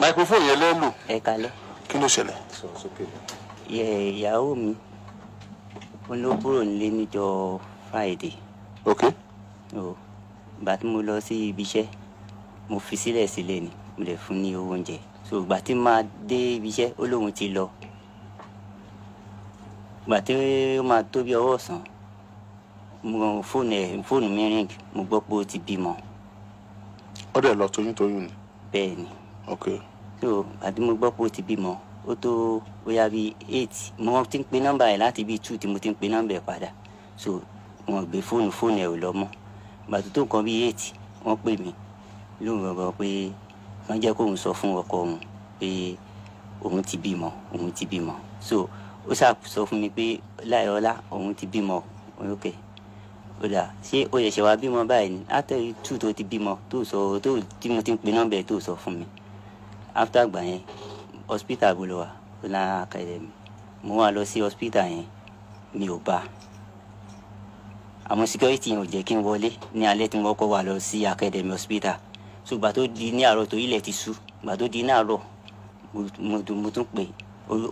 microphone yẹn lẹ́lò. ẹ kalẹ̀. kí ló ṣẹlẹ̀. yẹ ìyàwó mi wọn ló nílé níjọ́ friday. ok. o ìgbà tí mo lọ sí ibi iṣẹ́ mo fi sílẹ̀ sílẹ̀ ni mo lè fún ní owó oúnjẹ so ìgbà tí máa dé ibi iṣẹ́ ó lóun ti lọ ìgbà tí ó máa tó bí ọwọ́ ọ̀sán mo fóònù ẹ̀ fóònù mi ring mo gbọ́ pé ó ti bímọ. ó dẹ̀ lọ toyún toyún ni. bẹ́ẹ̀ ok. so àti mo gbọ́ pé ó ti bímọ ó tó bóyá bíi eight mo ti ń pe nọ́mbà ẹ̀ láti bíi two tí mo ti ń pe nọ́mbà ẹ̀ padà so wọn gbé fóònù fóònù ẹ̀ ò lọ mọ́ gbàtú tó nǹkan bíi eight wọ́n pè mí lóun gbọ̀ngàn pé wọ́n jẹ́ kóun sọ fún ọkọ òun pé òun ti bímọ òun ti bímọ so ó ṣàkóso fún mi pé láìrọ́lá òun ti bímọ ok ó dà ṣé ó yẹ ṣe wá bímọ báyìí ni látẹ̀rí tù tó ti bímọ tó sọ tó tí mo ti ń pe nọ́mbà ẹ̀ tó sọ fún mi after gbà yẹn hospital gbolo wa Ọláyàn academy mo wá lọ sí hospital yẹn mi ò bá àmọ́ security yẹn ò jẹ́ kí n wọlé ní alẹ́ tí wọ́n kọ́ wa lọ sí academy hospital so gbà tó di ní àárọ̀ tó ilẹ̀ ti ṣú gbà di ní àárọ̀ mo tún pè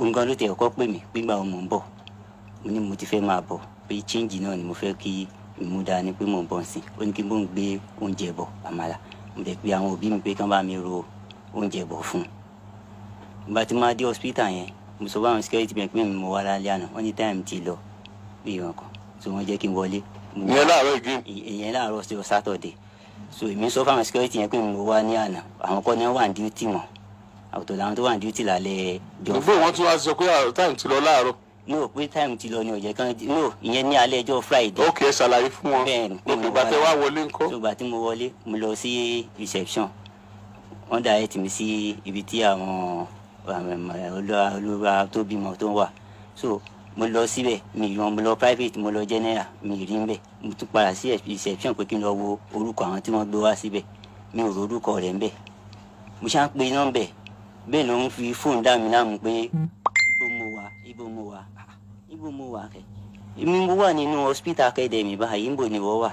nǹkan ló tẹ̀ ọ̀kọ́ pè mí gbígbà mo ń bọ̀ mo ní mo ti fẹ́ máa bọ̀ pé change náà ni mo fẹ́ kí mo dání pé mo ń bọ̀ sí i ó ní kí n bó ń gbé oúnjẹ bọ̀ àmàlà mo dẹ̀ pe àwọn òbí mi pé kán bá mi ro oúnjẹ bọ̀ fún un ìgbà tí máa dé hospital yẹn mo sọ báwọn security bank mẹ́rin mo wá lálẹ́ àná wọ́n time ti lọ bí ìwọ̀n kan so wọ́n jẹ́ kí n wọlé. ìyẹn láàárọ̀ ìgbín. ìyẹn láàárọ̀ sí ọ sátọ̀dẹ̀ so èmi sọ fáwọn security yẹn pé mo wá ní àná àwọn kọ́ ni wọ́n wà ní duty mọ́ àwòtò làwọn tó wà ní duty lálẹ́ jọ. ìgbó wọn tún wá sọ pé ah, time ti lọ láàárọ̀. no pé time ti lọ ni òjẹ kan no ìyẹn ní alẹ́ ẹjọ́ friday. ok ṣàlàyé fún wọn bẹ́ẹ̀ ni pé mo wá lọ so gbà mo wọlé mo lọ sí reception wọ́n direct mi sí ibi tí àwọn um, um, olúwa tó bímọ tó wà so mo lọ síbẹ̀ mi ìran mo lọ private mo lọ general mi rí ń bẹ̀ mo tún padà sí exception pé kí n lọ wo orúkọ àwọn tí wọ́n gbé wá síbẹ̀ mi ò rorúkọ rẹ̀ ń bẹ̀ mo ṣáà ń pe nọ́mbẹ̀ bẹ́ẹ̀ ló ń fi fóònù dá mi láàmú pé ibo mo wà ibo mo wà ah, ah, ibo mo wà kẹ èmi mo wà nínú hospital academy báyìí ń bò ní wọ́n wà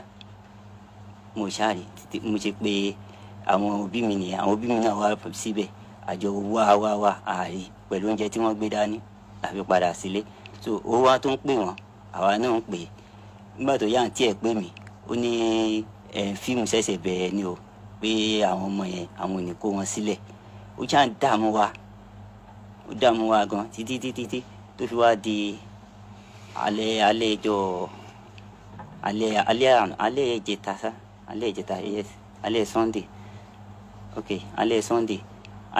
mo ṣáà rí mo ṣe pé àwọn òbí mi nìyẹn àwọn òbí mi náà wá síbẹ̀ àjọ wá wá wá ààrí pẹ̀lú oúnjẹ tí wọ́n gbé dání àfi padà sílé so ó wá tó ń pè wọ́n àwa náà ń pè é nígbà tó yá àǹtí ẹ̀ pè mí ó ní fíìmù ṣẹ̀ṣẹ̀ bẹ̀rẹ̀ ni o pé àwọn ọmọ yẹn àwọn ò ní kó wọn sílẹ̀ ó ṣáà ń dààmú wa ó dààmú wa gan títí títí títí tó fi wá di alẹ́ alẹ́ ìjọ alẹ́ alẹ́ alẹ́ ìjẹta sá alẹ́ ìjẹta yes alẹ́ Sunday ok alẹ́ sunday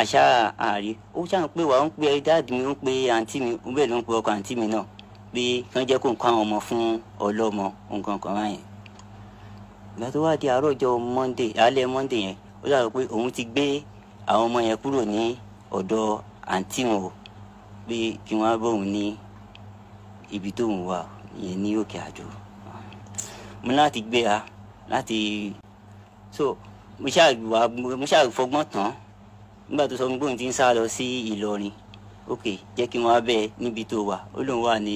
àṣà àárí ó ṣáà ń pè wá ń pè dáàdì mi ń pè àǹtí mi ó bẹ́ẹ̀ ló ń pè ọkọ àǹtí mi náà pé kàn jẹ́ kó ń kó àwọn ọmọ fún ọlọ́mọ nǹkan kan ráyẹn ìgbà tó wá di àárọ̀ ọjọ́ monday alẹ́ monday yẹn ó dàbí pé òun ti gbé àwọn ọmọ yẹn kúrò ní ọ̀dọ̀ àǹtí wọn o pé kí wọ́n á bọ̀hún ní ibi tóun wà yẹn ní òkè àjò mo láti gbé a láti so mo ṣáà wà mo ṣáà fọgbọ́n tán nígbà tó sọ fún mi pé òun ti ń sá lọ sí Ìlọrin ok jẹ́ kí wọ́n á bẹ̀ níbi tó wà ó lóun wà ní.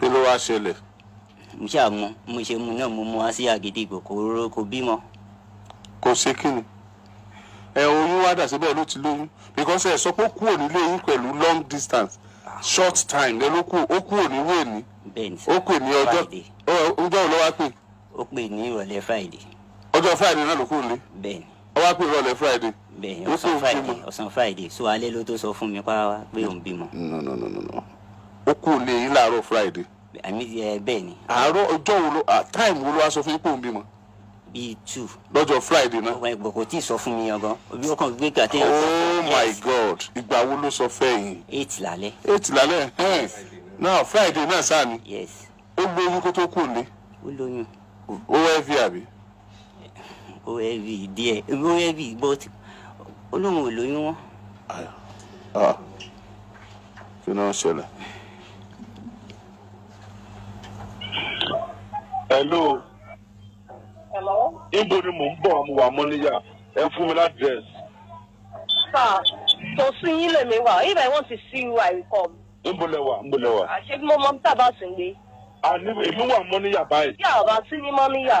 kí ló wá ṣẹlẹ̀. mo ṣáà mọ mo ṣe mu náà mo mú wá sí Àgédìgbò kò róró kò bímọ. kò ṣe kí ni ẹ oyún wá dà síbẹ̀ ló ti lóyún because ẹ sọ pé ó kúrò nílé yín pẹ̀lú long distance short time ẹ ló kú ó kúrò ní wéèní ó pè ní ọjọ́ ọjọ́ òlọ́wà pè. ó pè ní ìrọ̀lẹ́ Friday ọjọ́ friday náà ló kúrò lé. bẹ́ẹ̀ni. ọwọ́ àpè ìrọ̀lẹ́ friday. bẹ́ẹ̀ni ọ̀sán friday ọ̀sán friday so alẹ́ ló tó sọ fún mi pa pé òun bímọ. no no no no no ó kúrò lé yín láàárọ̀ friday. àmì ẹ bẹ́ẹ̀ wo ló time wo ló wá fún yín pé òun bímọ. bíi two. lọ́jọ́ friday náà. ọ̀pọ̀ ẹ̀gbọ́n kò tí sọ fún mi ọgán obi ó gbé gàtẹ́. oh my god ìgbà wo ló sọ fẹ́ yín. eight lálẹ́. eight lálẹ́ náà friday náà sáà ni. yes. ó lóyún kó tó kúrò lé. ó lóyún. ó wẹ́ fi àbí. OAV díẹ̀ OAV but olóhùn olóyún wọn. Ah. kí ló ń ṣẹlẹ̀. hello. hello. ibo ni mò ń bọ̀ mo wà mọ́níyà ẹ fún mi ládírẹ́sì. sáà tó sún yín lèmi wá if i want to see you i will come. níbo lẹ wà níbo lẹ wà. àṣé mo mọ tábà sí ń gbé. àní ah, èmi wà mọ́níyà báyìí. yàrá sí ní mọ́níyà.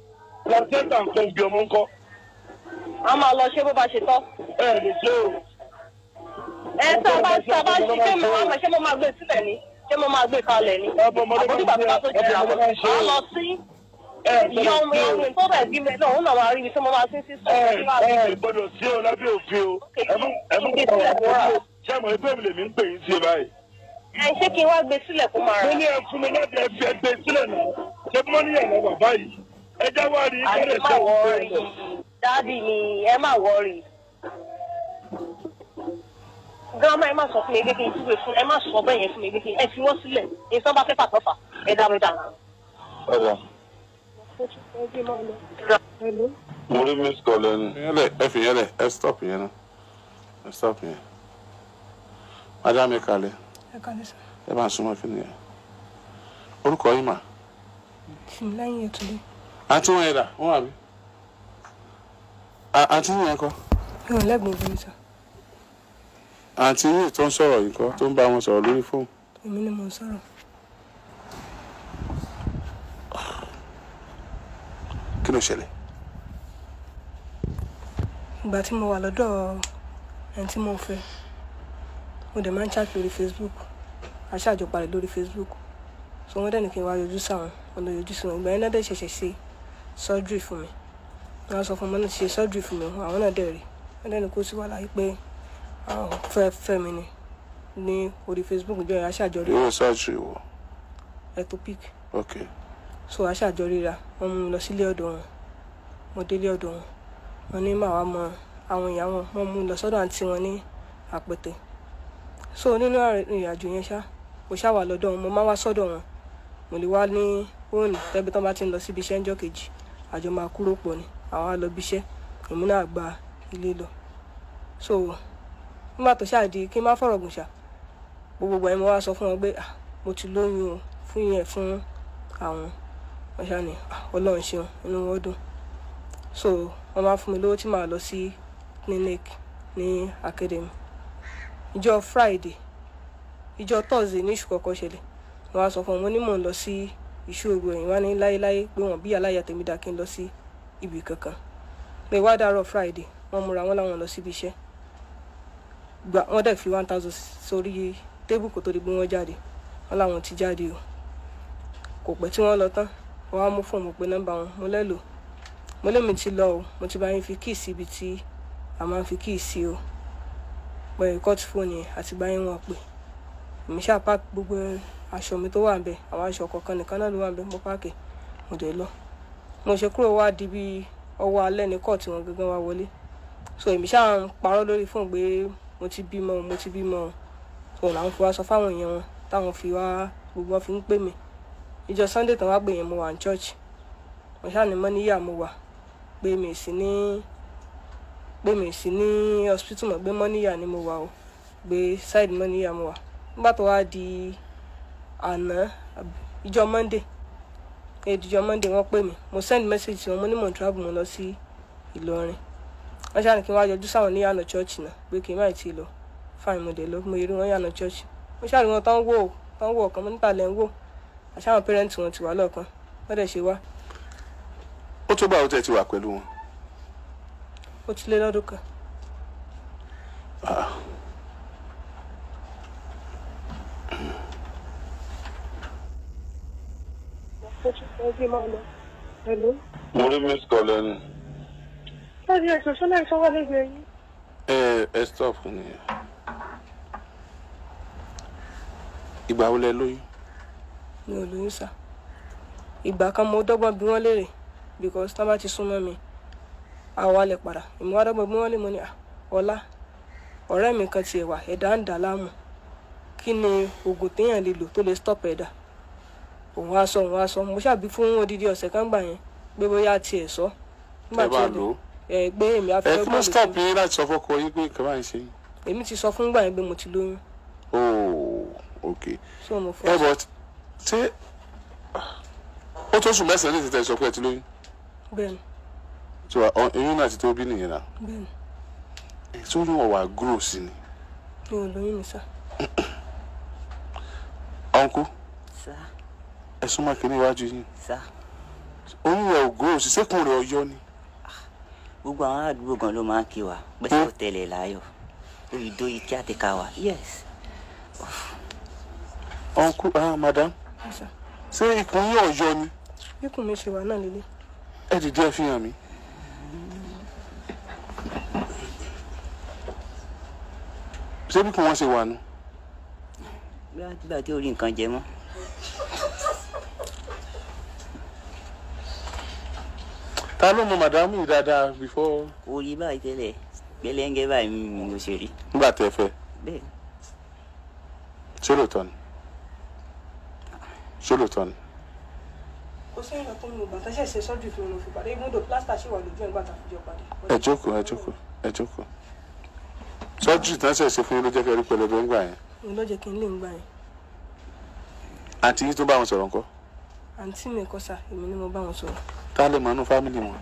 placenta nǹkan ibi ọmọ ńkọ́. a máa lọ ṣé bó bá ṣe tọ́. ẹ ẹ lè ṣe o. ẹ tá a bá tá a bá ṣe ṣé mo máa ṣé mo máa gbé sílẹ̀ ni ṣé mo máa gbé kalẹ̀ ni. àbúrúgbà tó bá tó jẹ́ àwọn a lọ sí. ìyá ọmọ ìyá tó bẹ̀ bí mi náà òun náà máa rí mi ṣé mo máa sí sí sọ. ẹ ṣé kí n wá gbé sílẹ̀ kó máa rà. mo ní ẹ fún mi láti ẹ fi ẹ gbé sílẹ̀ náà ṣé mọ́níyà lọ bàbá yìí ẹ jáwọ́ àrí kẹ́rẹ̀ tó ń bẹ̀rẹ̀. dáàdì mi ẹ má wọrí. gírámà ẹ má sọ fún mi gbé kí n túwèé fún ẹ má sọ bẹ́ẹ̀ yẹn fún mi gbé kí n ẹ fi wọ́n sílẹ̀ ìsan bá fẹ́ pàtọ́fà ẹ dá mi dà. mo rí miss colin ẹ fi yẹn lẹ ẹ stop yẹn náà ẹ stop yẹn madam ẹ kalẹ̀ ẹ bá ń súnmọ́ kí nìyẹn orúkọ yìí mà. lẹ́yìn ètò yìí àǹtí wọn yẹn dà wọn wà bí àǹtí yẹn kọ́. mi ò lẹ́gbọ̀n obìnrin sọ. àǹtí yìí tó ń sọ̀rọ̀ yìí kọ́ tó ń bá wọn sọ̀rọ̀ lórí fóònù. èmi ni mò ń sọ̀rọ̀. kí ló ṣẹlẹ̀. ìgbà tí mo wà lọ́dọ̀ àǹtí mo fẹ́ mo dẹ̀ máa ń chat lórí Facebook àṣàjọpalẹ̀ lórí Facebook so wọ́n dẹ̀ ní kí n wá yọjú sáwọn ọ̀nà yọjú sí wọn ìgbà yẹn náà dẹ̀ ṣẹ̀ṣẹ̀ ṣe surgery for me. wọ́n á sọ fún ọmọ náà ṣe surgery for me. àwọn náà dẹ̀ rí wọ́n dẹ̀ ní kó sí wàhálà yìí pé àwọn ah, fẹ́ fẹ́ mi ni ní orí Facebook jọ ìyá ṣàjọrí. irú surgery wo. ectopic. ok. so aṣàjọrí ra wọ́n mú mi lọ sílé ọ̀dọ̀ wọn mo délé ọ̀dọ̀ wọn wọ́n ní màá wá mọ àwọn ìyá wọn wọ́n mú mi lọ sọ́dọ̀ àǹtí wọn ní àpètè so nínú ìrìnàjò yẹn ṣá mo ṣá wà lọ́dọ̀ wọn mo máa wá sọ́dọ̀ wọn mo lè wá ní òòlù tẹ́bi tán bá ti ń lọ síbi iṣẹ́ ńjọ́ kejì àjọ máa kúrò pọ̀ ni àwọn á lọ bí iṣẹ́ èmi náà ilé lọ so nígbà tó ṣáà di kí n má fọ̀rọ̀ gùn ṣá gbogbo ẹ̀ mo wá sọ fún wọn pé ah, mo ti lóyún o fún yẹn fún àwọn wọn ṣáà ní ah, ọlọ́run ṣeun inú wọn dùn so wọn máa fún mi lówó tí màá lọ sí clinic ní academy ìjọ Friday ìjọ Thursday ní ìṣù kọ̀ọ̀kan ṣẹlẹ̀ wọn á sọ fún wọn mo ní mò ń lọ sí. Si, ìṣòro ẹ̀yìn wá ní láéláé pé wọ́n bí aláya tèmi kí n lọ sí ibì kankan pé wá dàárọ̀ friday wọ́n múra wọn láwọn lọ síbi iṣẹ́ gbà wọ́n dẹ̀ fi one thousand sórí tébù tó di pé wọ́n jáde wọ́n láwọn ti jáde o kò pẹ́ tí wọ́n lọ tán wọ́n á mú fóònù pé nọ́mbà wọn mo lẹ́lò mo lèmi ti lọ o mo ti bá yín fi kíì síbi tí a máa ń fi kíì sí o pẹ̀lú kọ́tù fóònù yẹn àti bá yín wọn pè èmi ṣáà pààkì gbogbo ẹ̀rọ aṣọ mi tó wà ń bẹ àwọn aṣọ kọ̀ọ̀kan nìkan náà ló wà ń bẹ mo páàkì mo dé lọ mo ṣe kúrò wá di bí ọwọ́ alẹ́ ní kọ́ọ̀tù wọn gangan wá wọlé so èmi ṣáà ń parọ́ lórí fóun pé mo ti bímọ mo ti bímọ so làwọn fi wá sọ fáwọn èèyàn wọn táwọn fi wá gbogbo wọn fi ń pè mí ìjọ sunday tán wá pè yẹn mo wà ní church mo ṣáà ní mọ́níyà mo wà pé mi sí ní pé mi sí ní hospital mọ̀ pé mọ́níyà ni mo wà o pé side mọ́níyà mo wà nígbà tó wá di àná ìjọ monde ìjọ monde wọ́n pè mí mo send message sí wọn mo ní mò ń travel mo lọ sí ìlọrin ṣáà ní kí ní church náà pé kí n má ti lọ fáìn mo dé lọ mo rí wọn yànnà church mo ṣáà rí wọn tán wò tán wò mo níta wọn ti wà lọ́ọ̀kan wọ́n dẹ̀ ṣe wá. ó wọn. ó ti lé lọ́dún ah. mo rí miss kọlẹ ni. ṣáàjì ẹ̀sùn sọ́nà ìṣọwọ́ lẹ́gbẹ̀ẹ́ yìí. ẹ ẹ stop nìyẹn. ìgbà wo lẹ lóyún. mi ò lóyún sá ìgbà kan mo dọ́gbọ́n bí wọ́n léèrè because tá bá ti súnmọ́ mi àwa lè padà ìmọ̀ wá dọ́gbọ́n bí wọ́n lè mọ ni ah, ọ̀la ọ̀rẹ́ mi kan tiẹ̀ wà ẹ̀dá ń dà láàmú kí ni oògùn téèyàn lè lò tó lè stop ẹ̀dá. E òun á sọ òun á sọ mo ṣàbí fún odidi ọ̀sẹ̀ kan gbà yẹn pé bóyá tiẹ̀ sọ. ẹ bá lò ó ẹ gbé èmi afẹ́fẹ́ gbọ́dọ̀. ẹ fún stop yín láti sọ fọkọ yín pé nǹkan báyìí ṣe. èmi ti sọ fún gbà yẹn pé mo ti lóyún. ok ẹ bọ ṣé ó tó sùn mẹ́sàn-án ní ìtẹ̀tẹ̀ sọ pé ẹ ti lóyún. bẹ́ẹ̀ni. so oyún náà ti tó bí nìyẹn náà. bẹ́ẹ̀ni. ètò oyún ọ̀wà gúrò sí ni. mi ò lóyún mi sá. ọ̀nkú. sá ẹ súnmọ́ kínní iwájú yín oyún rẹ̀ ògo òṣìṣẹ́kùn rẹ̀ ọ̀yọ́ ni. Ah, gbogbo àwọn àdúgbò gan ló máa ń kí wa pẹ̀lú òtẹ̀lẹ̀ láyọ̀ olùdó ike àti káwa yes. ọ̀nkú ah, madam ṣé ikùn yín ọ̀yọ́ ni. ikùn mi ṣe wà náà nílé. ẹ dìde ẹ fi hàn mí. ṣé bí kò wọ́n ṣe wà nù. bí a ti gbà tí orí nǹkan jẹ mọ́. ta ló mọ màdámù yìí dáadáa before. orí báyìí tẹ́lẹ̀ gbẹlẹ́ngẹ́ báyìí mi ò ṣe rí. nígbà tẹ fẹ́. bẹ́ẹ̀. ṣé lóòótọ́ ni ṣé lóòótọ́ ni. kò sí ìrìnà tó ń lo bàtà ṣẹ̀ṣẹ̀ sọ́jú fún mi ló fi pàdé ibùdó plásítà ṣì wà lójú ẹ̀gbà tá a fi jọ pàdé. ẹ jókòó ẹ jókòó ẹ jókòó sọ́jú tán ṣẹ̀ṣẹ̀ fún yín ló jẹ́ kẹ́ rí pẹlẹbẹ ńgbà yẹn. òun ló jẹ́ kí n lè ń gbà yẹn. àǹtí yín tó bá wọn sọ̀rọ̀ ńkọ́ àǹtí mi kọ́ sà èmi ni mo bá wọn sọ̀rọ̀. ta lè mọ̀ nínú fámìlì wọn.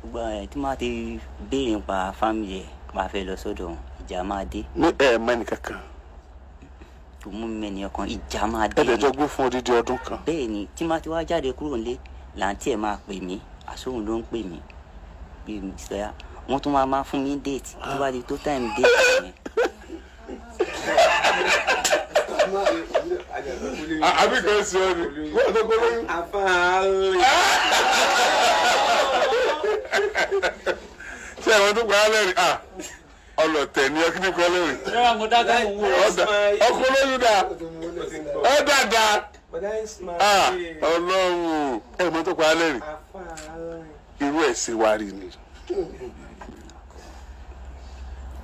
gbogbo ẹ̀ tí máa ti béèrè nípa fámìlì ẹ̀ máa fẹ́ lọ sọ́dọ̀ wọn ìjà máa dé. ní ẹ mẹ́ni kankan. kò mú mi mẹ́ni ọkàn ìjà máa dé. ẹ lè jọ gbé fún odidi ọdún kan. bẹ́ẹ̀ ni tí máa ti wá jáde kúrò nílé làǹtí ẹ̀ máa pè mí àsóhun ló ń pè mí bí mi sọ yá wọ́n tún máa máa fún mi déètì tó bá di tó táìmù déètì yẹn. àbí kan sí ọ ni wọ́n tó kó lóyún. àfààní. ṣé àwọn tó pa á lẹ́rìí à ọlọ̀tẹ̀ ni ọkí ní kọ́ lẹ́rìí. ọkọ lóyún dà ọ dàda ọlọ́run ẹ̀ mọ́ tó pa á lẹ́rìí irú ẹ̀ ṣe wá rí ni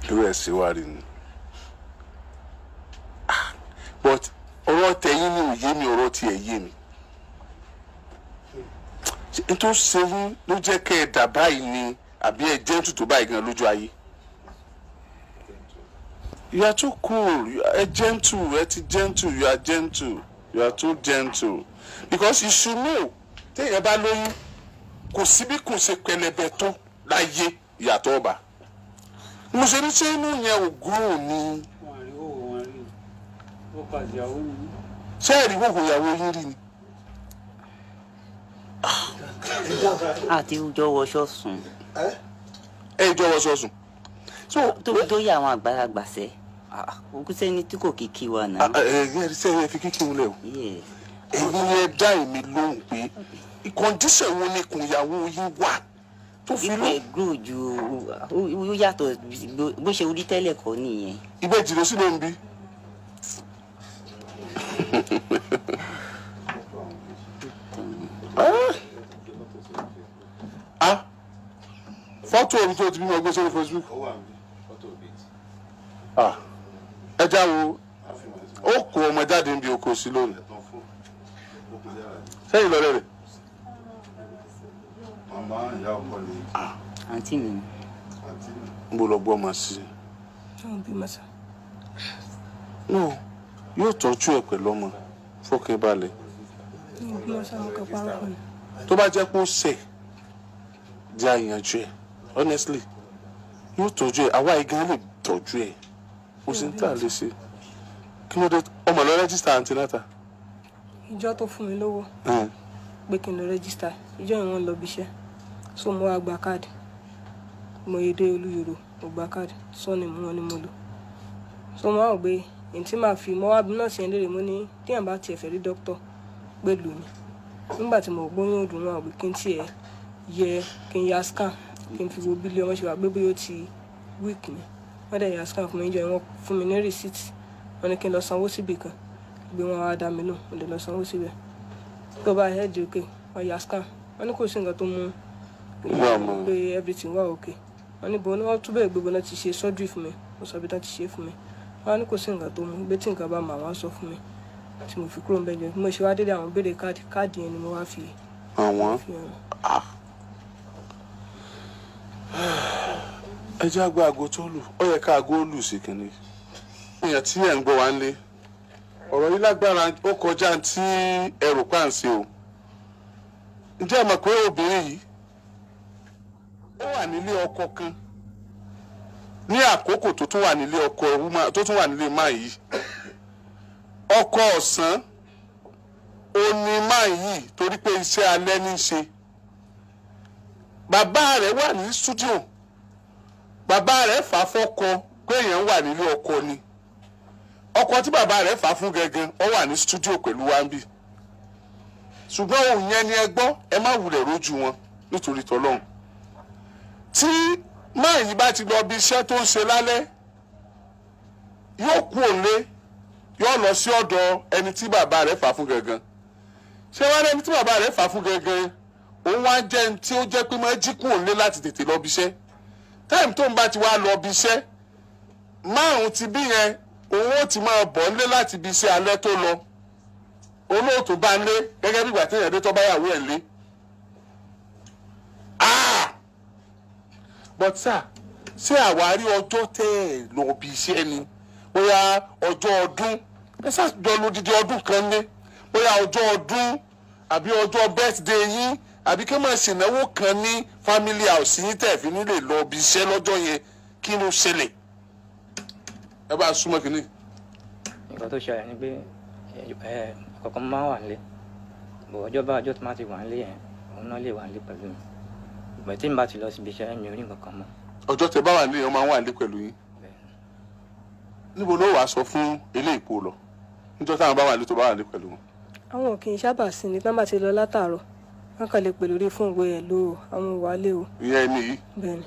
irú ẹ̀ ṣe wá rí ni but ọ̀rọ̀ tẹ̀yìn ni òye mi ọ̀rọ̀ tiẹ̀ yé mi nítorí ṣeun ló jẹ́ kẹ́ ẹ dà báyìí ni àbí ẹ jẹ́ tutù báyìí gan lójú ayé you are too cool you are gentle ẹ ti gentle you are gentle you are too gentle because you should know téèyàn bá lóyún kò sí bí kò ṣe pẹlẹbẹ tó láyé ìyàtọ̀ ọba mo ṣe yẹn ò gúrò ni ṣé ẹ̀rí wòwò ìyàwó yín rí ni. àti ìjọ wọṣọ sùn. ẹ ìjọ wọṣọ sùn. tó tó yẹ àwọn àgbàlagbà sẹ òkú sẹni tí kò kí kí wa náà. ẹ ẹ ṣe é fi kíkí wulẹ o èyí ni ẹ dá èmi lóhùn pé kọ́ndíṣẹ̀ wo ni kùn ìyàwó yín wà tó fi lọ. ibẹ̀ gbòò ju o yàtọ̀ bó ṣe orí tẹ́lẹ̀ kọ́ nìyẹn. ibẹ̀ jìnnà sílẹ̀ ń bí. Ah! fọ́tò òbí tó ti bímọ gbé sórí Facebook ah! ẹ jáwo ó kó ọmọ jáde níbi oko sí lónìí sẹ́yìn lọ́rẹ́ rẹ̀. Ah! àǹtí mi ni. n bò lọ gbọ́ ọmọ sí i yóò tọ́jú ẹ pẹ̀lú ọmọ fọkàn balẹ̀. tó bá jẹ́ pé ó ṣẹ̀ jẹ́ àyànjú ẹ̀ honestly yóò tọ́jú ẹ àwa igan lè tọ́jú ẹ kò sí ní tà lè ṣe kí ló dé ọmọ lọ rẹ́gísítà antinata. ìjọ tó fún mi lówó pé kí n lọ rẹ́gísítà ìjọ ìwọ̀n lọ bíṣẹ́ so mo wá gba káàdì mo yé dé olúyòrò mo gba káàdì sọ́ọ̀nì mo wọn ni mo lò so mo wá wò ntí màá fi mọ́wábí náà ṣe léèrè mo ní téèyàn bá tiẹ̀ fẹ́ rí dókítọ̀ pẹ̀lú mi nígbà tí mo gbọ́ òdùn náà wí kí n tiẹ̀ yẹ kí n ya scan kí n fi wo bí ilé ṣe wà gbé bóyá ó ti week ni wọ́n dẹ̀ ya scan fún mi jọ wọ́n fún mi ní receipt wọ́n ní kí n lọ sanwó síbì kan gbé wọn wá dá mi lò mo lè lọ sanwó síbẹ̀ tó bá head okay wọ́n ya scan wọ́n ní kò sí nǹkan tó mú pé everything wà okay wọ́n ní bọ́ọ̀ ni wọ́n túbẹ̀ náà ti ṣe surgery fún mi mo ti ṣe fún mi wọ́n ní kò sí nǹkan tó mú gbé tí nǹkan bá mọ àwọn sọ fún mi tí mo fi kúrò nbẹjọ bí mo ṣe wá délé àwọn béèrè káàdì káàdì yẹn ni mo wá fi. àwọn ah, ẹ jẹ́ àgbà àgọ́ tó lù ó yẹ ká àgọ́ lù sí kìnìún èèyàn tí ẹ̀ ń gbọ́ wá ń ọ̀rọ̀ yìí lágbára ó kọjá tí ẹrù pàǹsì o ǹjẹ́ ẹ mọ̀ pé obìnrin yìí ó wà nílé ọkọ kan ní àkókò tó tún wà nílé ọkọ tó tún wà nílé máa yìí ọkọ ọ̀sán ó ní máa yìí torí pé iṣẹ́ alẹ́ ní í ṣe bàbá rẹ̀ wà ní studio bàbá rẹ̀ fà fọ́kọ pé èèyàn wà nílé ọkọ ni ọkọ tí bàbá rẹ̀ fà fún gangan ó wà ní studio pẹ̀lú wambi ṣùgbọ́n òun yẹn ni ẹ gbọ́ ẹ má wulẹ̀ rójú wọn nítorí tọ́lọ́hún tí máa yìí bá ti lọ bí iṣẹ́ tó ń ṣe lálẹ́ yóò kú òǹlé yóò lọ sí ọ̀dọ̀ ẹni tí bàbá rẹ̀ fà fún gangan ṣé wàá ní ẹni tí bàbá rẹ̀ fà fún gangan òun wá jẹ́ ẹni tí ó jẹ́ pé máa jí kú òǹlé láti tètè lọ bí iṣẹ́ táìmù tó ń bá ti wá lọ bí iṣẹ́ márùn ti bí yẹn òun ó ti máa bọ̀ nílé láti bí iṣẹ́ alẹ́ tó lọ olóòtú bá ń lé gẹ́gẹ́ bí ìgbà téèyàn dé tó báyàwó ẹ̀ lé but sir ṣé àwárí ọjọ́ tẹ́ ẹ̀ lọ bí iṣẹ́ ni bóyá ọjọ́ ọdún ẹ ṣàjọ lódìdí ọdún kan lé bóyá ọjọ́ ọdún àbí ọjọ́ birthday yín àbí kí máa ṣènáwó kan ní family house yín tẹ̀ fi nílè lọ bí iṣẹ́ lọ́jọ́ yẹn kí ló ṣẹlẹ̀ ẹ bá súnmọ́ kínní. nǹkan tó ṣẹlẹ̀ ni pé ọ̀kọ̀ọ̀kan máa wà nílé bọ̀ ọjọ́ bá ọjọ́ tó máa ti wà nílé yẹn òun náà lè wà nílé pẹ̀lú mi. bẹ́ẹ̀ tí n bá ti lọ síbi iṣẹ́ mi ò rí nǹkan kan mọ́. ọjọ́ tẹ bá wà nílé ń wà ní pẹ̀lú yín níbo ló wàá sọ fún ilé ìpò lọ níjọ́ táwọn bá wà ní tó bá wà pẹ̀lú wọn. àwọn ò kì í sábà sí ní tán lọ látàárọ̀ kàn lè fún ẹ̀ àwọn ò o. ìyá ẹni yìí. bẹ́ẹ̀ni.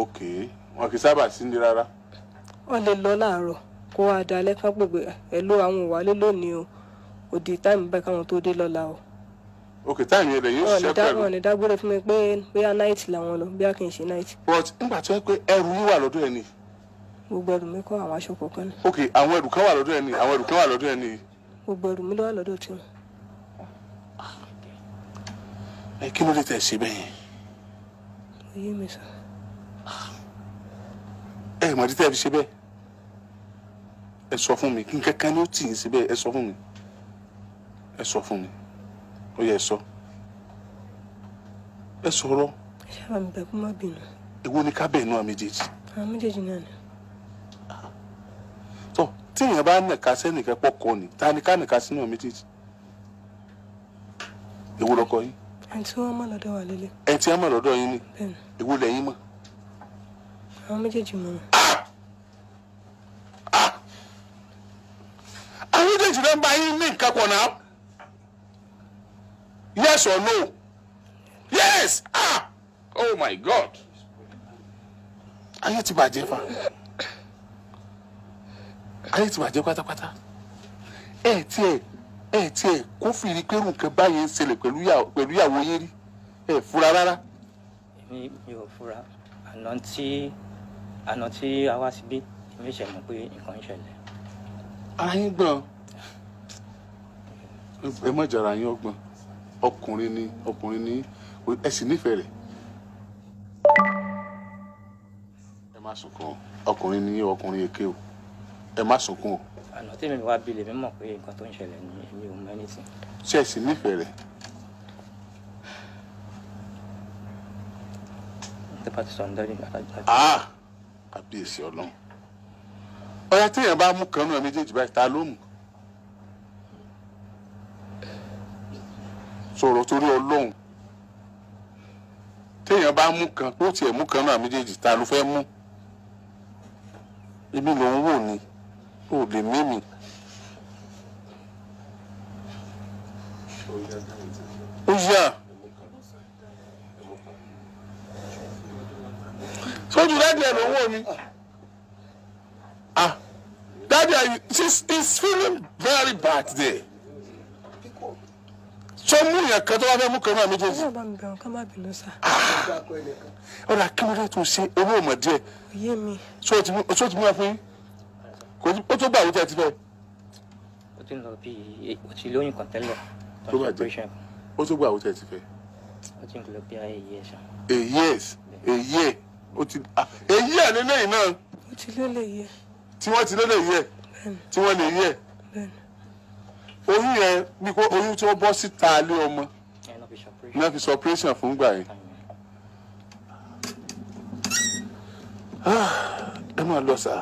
ok wọn ni rárá. wọn lè lọ kó wá ok táìmù yẹn lè yín ṣiṣẹ́ pẹ̀lú. wọn ò ní dágbére fún mi pé bóyá night làwọn lọ bóyá kì í ṣe night. but nígbà tó yẹ pé ẹrù yín wà lọ́dọ̀ ẹ̀ ni. gbogbo ẹrù mi kọ́ àwọn aṣọ kọ̀ọ̀kan ni. ok àwọn ẹrù kan wà lọ́dọ̀ ẹ̀ ni àwọn ẹrù kan wà lọ́dọ̀ ẹ̀ ni. gbogbo ẹrù mi ló wà lọ́dọ̀ tiwọn. ẹ kí ló dé tẹ̀ ṣe bẹ́ẹ̀ yẹn. oyè mi sọ. ẹ mọ̀ títẹ̀ fi ṣe bẹ́ẹ̀ ẹ sọ fún mi o yẹ ẹ sọ ẹ sọ̀rọ̀. ẹ ṣáà mi bẹ̀ kó má bínú. èwo ni ká bẹ̀ inú àmì jèjì. àwọn méjèèjì náà ni. tó tíyẹn bá nìka sẹ́nìkan pọ̀kọ ni ta ni ká nìka sínú àmì jèjì. èwo lọkọ yìí. ẹ̀ tí wọ́n mọ̀ lọ́dọ̀ wà lélẹ̀. ẹ̀ tí wọ́n mọ̀ lọ́dọ̀ yín ni. bẹ́ẹ̀ni. èwo lẹ́yìn mọ̀. àwọn méjèèjì mọ̀ àwọn méjèèjì náà bá yín ní nǹkan pọ̀ náà yes or no yes ah oh my god ayé ti bàjẹ́ fa ayé ti bàjẹ́ pátápátá ẹ tiẹ̀ ẹ tiẹ̀ kó fìrí pé nǹkan báyìí ń ṣẹlẹ̀ pẹ̀lú ìyàwó yín rí ẹ fura rárá. èmi mi ò fura àná tí àná tí a wá síbí èmi ṣe mọ̀ pé nǹkan ń ṣẹlẹ̀. ayé gbọ́n ẹ mọ̀ jàrá yín ọgbọ́n ọkùnrin ni ọkùnrin ni ẹ sì nífẹ̀ẹ́ rẹ̀ ẹ má sunkún ọkùnrin ni ọkùnrin èké o ẹ má sunkún o. àná tí mi wá bilẹ̀ mi mọ̀ pé nǹkan tó ń ṣẹlẹ̀ ni èmi ò mọ ẹni sí. ṣé ẹ sì nífẹ̀ẹ́ rẹ̀. tẹ́ bá ti sọ ǹdọ́rí àtàjà. kábíyèsí ọlọ́run ọ̀yà téèyàn bá mú kanú ẹ̀ méjèèjì báyìí ta ló mú. sọ̀rọ̀ torí ọlọ́run téèyàn bá mú kan tó tiẹ̀ mú kan náà méjèèjì ta ló fẹ́ mú ibi lòun wò ni ò lè mímì. ó yà sójú dáàdì ẹ̀ lòun wò ni ah dáàdì ẹ̀ is feeling very bad there sọ mú yẹn kan tó bá fẹ́ mú kan náà méjèèjì. ọlọ́run bá mi bẹ̀rù ká má bínú sá. ọ̀rọ̀ ah. akínúdá tó ṣe owó ọmọ díẹ̀. òye o sọ ti mú ẹ fún yín kò tó tó gbà wíjẹ ti fẹ́. ó ti ń lọ o ti lóyún kan tẹ́lẹ̀. tó bá jẹ ti fẹ́. ó ti ń lọ bí ayé yẹ sàn. èyí ẹ èyí ẹ ti èyí ẹ nílẹ̀ yìí náà. ó ti lé lè yẹ. tí wọ́n ti lé lè yẹ tí wọ́n oyún yẹn bí kò oyún tí wọ́n bọ́ síta lé ọmọ náà fi sọ operation fún gbà yẹn. Ah, ẹ máa lọ sá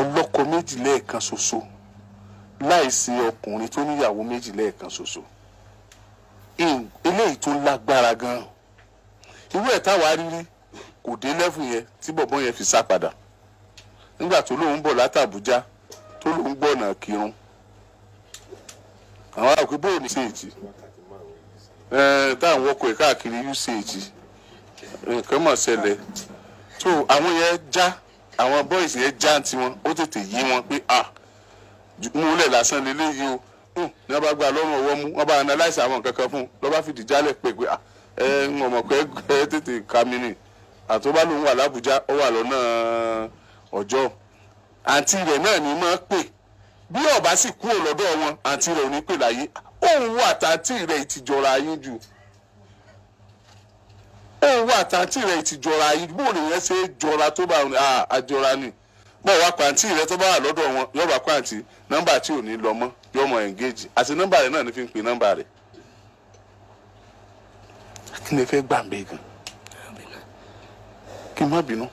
ọlọ́kọ méjì lẹ́ẹ̀kan ṣoṣo láìsí ọkùnrin tó níyàwó méjì lẹ́ẹ̀kan ṣoṣo eléyìí tó lágbára gan-an irú ẹ̀ táwa rírí kò dé lẹ́fù yẹn tí bọ̀bọ́ yẹn fi sá padà nígbà tó lóun bọ̀ láti tó ló ń gbọ̀nà kírun àwọn àpè bóò ní ṣèjì táwọn wọkọ̀ ẹ̀ káàkiri usage nǹkan mọ̀ ṣẹlẹ̀ tó àwọn yẹn já àwọn boys yẹn já tiwọn ó tètè yí wọn pé ah múlẹ̀ lásán lélẹ́yìí o hmm, ní wọn bá gba lọ́rùn ọwọ́ mú wọn bá analyse àwọn nǹkan kan fún un lọ́ba fìdí jálẹ̀ pé pé ẹ ń mọ̀ pé ẹ tètè kàmínì àtọ́bá lòun wà lábújá ó wà lọ́nà ọjọ́ àǹtí rẹ̀ náà ni máa pè bí ọba sì kúrò lọ́dọ̀ wọn àǹtí rẹ̀ ò ní pè láyé òun wà tàǹtí rẹ̀ ìtìjọra yín jù òun wà tàǹtí rẹ̀ ìtìjọra yín bó nìyẹn ṣe jọra tó bá àjọra ni bọ́ọ̀ wá pàǹtí rẹ̀ tó bá wà lọ́dọ̀ wọn yọba pàǹtí nọ́mbà tí ò ní lọ mọ́ yọmọ engage àti nọ́mbà rẹ̀ náà ni fi ń pe nọ́mbà rẹ̀ kí ni ẹ fẹ́ gbàǹbẹ̀ gan kí n má bínú.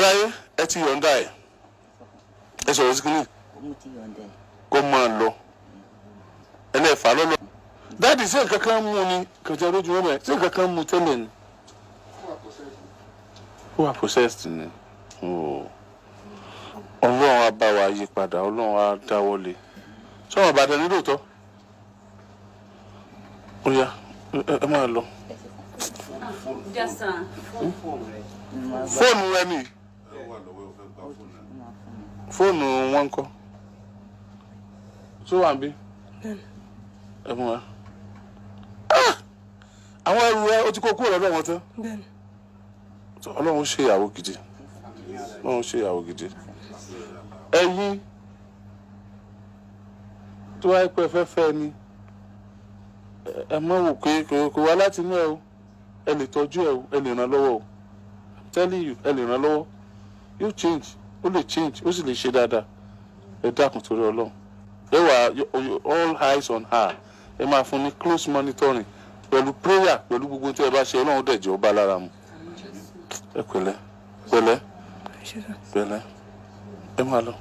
aláyé ẹ ti yọ̀ǹda ẹ̀ ẹ sọ̀rọ̀ sí kínní kó máa lọ ẹlẹ́fà lọ́lọ́ dáàdì sí nǹkan kan mú ni kẹjọ lójú wọn bẹ sí nǹkan kan mú tẹ́lẹ̀ ni who are possessed ni ọlọ́run á bá wa yí padà ọlọ́run á dáwọ́ lé sọ̀rọ̀ bàtà ní lóòótọ́ ó yá ẹ máa lọ. fóònù rẹ ni fóònù wọn kọ tó wà bí ẹ fún wa ah! àwọn ẹrù rẹ o ti kó kúrò lọ́dọ̀ wọn tán ọlọ́run ṣe ìyàwó gidi ọlọ́run ṣe ìyàwó gidi ẹ̀yin tó wáyé pé fẹ́fẹ́ ni ẹ mọ̀ wò pé kò wá láti inú ẹ o ẹ lè tọ́jú ẹ o ẹ lè ràn lọ́wọ́ o I'm telling you ẹ lè ràn lọ́wọ́ you change ó lè change ó sì lè ṣe dáadáa ẹ dákun torí ọlọ́run lẹ́wà all eyes on her ẹ máa fún ní close monitoring pẹ̀lú prayer pẹ̀lú gbogbo tí ẹ bá ṣe ọlọ́run dẹ̀ jẹ́ ọba lára mu ẹ pẹ̀lẹ́ pẹ̀lẹ́ pẹ̀lẹ́ ẹ máa lọ.